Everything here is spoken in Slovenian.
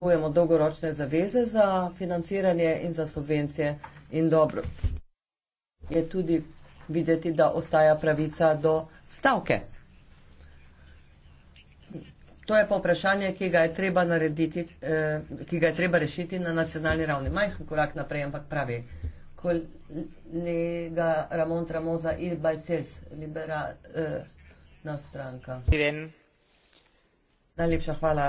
potrebujemo dolgoročne zaveze za financiranje in za subvencije in dobro. Je tudi videti, da ostaja pravica do stavke. To je pa vprašanje, ki ga je treba narediti, eh, ki ga je treba rešiti na nacionalni ravni. Majhen korak naprej, ampak pravi kolega Ramon Tramoza in Balcels, liberalna eh, stranka. Najlepša hvala.